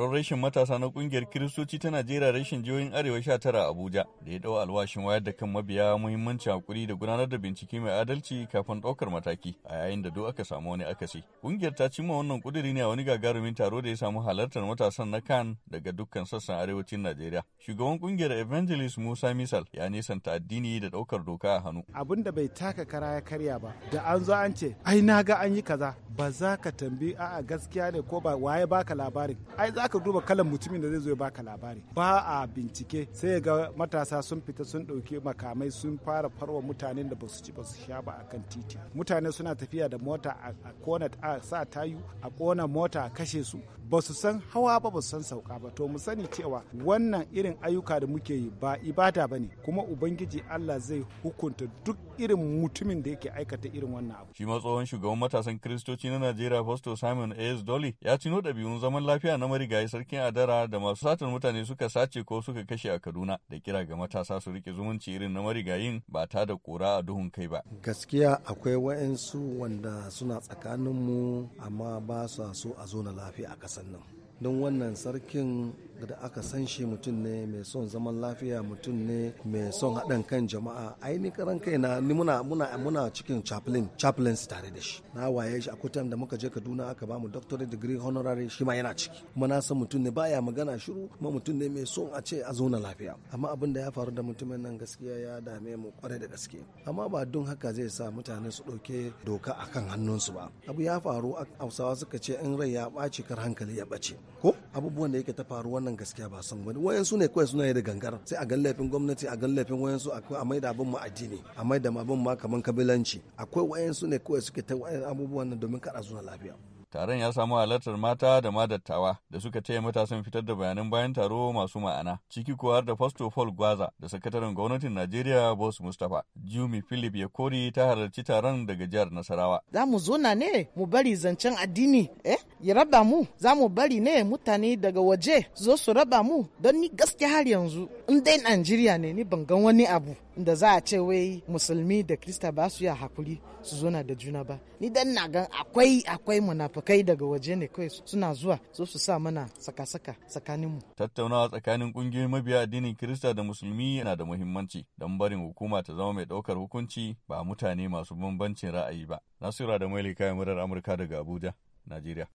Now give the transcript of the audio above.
taron rashin matasa na kungiyar kiristoci ta najeriya rashin jihohin arewa sha tara abuja da ya dau alwashin wayar da kan mabiya muhimmanci hakuri da gudanar da bincike mai adalci kafin ɗaukar mataki a yayin da duk aka samu wani akasi kungiyar ta cimma wannan kuduri ne a wani gagarumin taro da ya samu halartar matasan na kan daga dukkan sassan arewacin najeriya shugaban kungiyar evangelist musa misal ya nisanta addini da ɗaukar doka a hannu abin da bai taka kara ya karya ba da an zo an ce ai na ga an yi kaza ba za ka tambi a'a gaskiya ne ko ba waye baka labarin ai za ka duba kalan mutumin da zai zo ya baka labari ba a bincike sai ga matasa sun fita sun ɗauki makamai sun fara farwa mutanen da ba su ci ba su sha ba akan titi mutane suna tafiya da mota a kona a sa tayu a kona mota a kashe su ba su san hawa ba ba su san sauka ba to mu sani cewa wannan irin ayyuka da muke yi ba ibada ba ne kuma ubangiji Allah zai hukunta duk irin mutumin da yake aikata irin wannan abu shi ma tsohon shugaban matasan kiristoci ministoci na Najeriya Fosto Simon A.S. Dolly ya cino ɗabi'un zaman lafiya na marigayi sarkin Adara da masu satar mutane suka sace ko suka kashe a Kaduna da kira ga matasa su rike zumunci irin na marigayin ba ta da kura a duhun kai ba. Gaskiya akwai wa'ansu wanda suna tsakaninmu amma ba sa so a zo na lafiya a ƙasar nan. Don wannan sarkin da aka san shi mutum ne mai son zaman lafiya mutum ne mai son haɗin kan jama'a ainihin karan kaina ni muna muna cikin chaplain chaplains tare da shi na waye shi a kutan da muka je Kaduna aka mu doctorate degree honorary shi ma yana ciki kuma na san mutum ne baya magana shiru kuma mutum ne mai son a ce a zauna lafiya amma abin da ya faru da mutumin nan gaskiya ya dame mu kwarai da gaske amma ba don haka zai sa mutane su ɗauke doka akan hannunsu ba abu ya faru hausawa suka ce in rai ya ɓaci kar hankali ya ɓace ko abubuwan da yake ta faru wannan wannan gaskiya ba san bane wayan su ne kawai suna yi da gangar sai a gan laifin gwamnati a gan laifin wayan akwai a maida abin mu addini a maida abin ma kaman kabilanci akwai wayansu ne kawai suke ta wayan abubuwan nan domin kada suna lafiya taron ya samu halartar mata da ma dattawa da suka taya matasan fitar da bayanan bayan taro masu ma'ana ciki kuwa har da Fasto Paul Gwaza da sakataren gwamnatin Najeriya Boss Mustapha Jumi Philip ya kori ta halarci taron daga jihar Nasarawa za mu zo na ne mu bari zancen addini eh ya raba mu za mu bari ne mutane daga waje zo su raba mu don ni gaskiya har yanzu in dai najeriya ne ni ban gan wani abu da za a ce wai musulmi da krista ba su ya hakuri su zona da juna ba ni dan na gan akwai akwai munafukai daga waje ne kai suna zuwa zo su sa mana saka-saka tsakanin mu tattaunawa tsakanin kungiyoyin mabiya addinin krista da musulmi yana da muhimmanci don barin hukuma ta zama mai daukar hukunci ba mutane masu bambancin ra'ayi ba nasira da mai kayan murar amurka daga abuja najeriya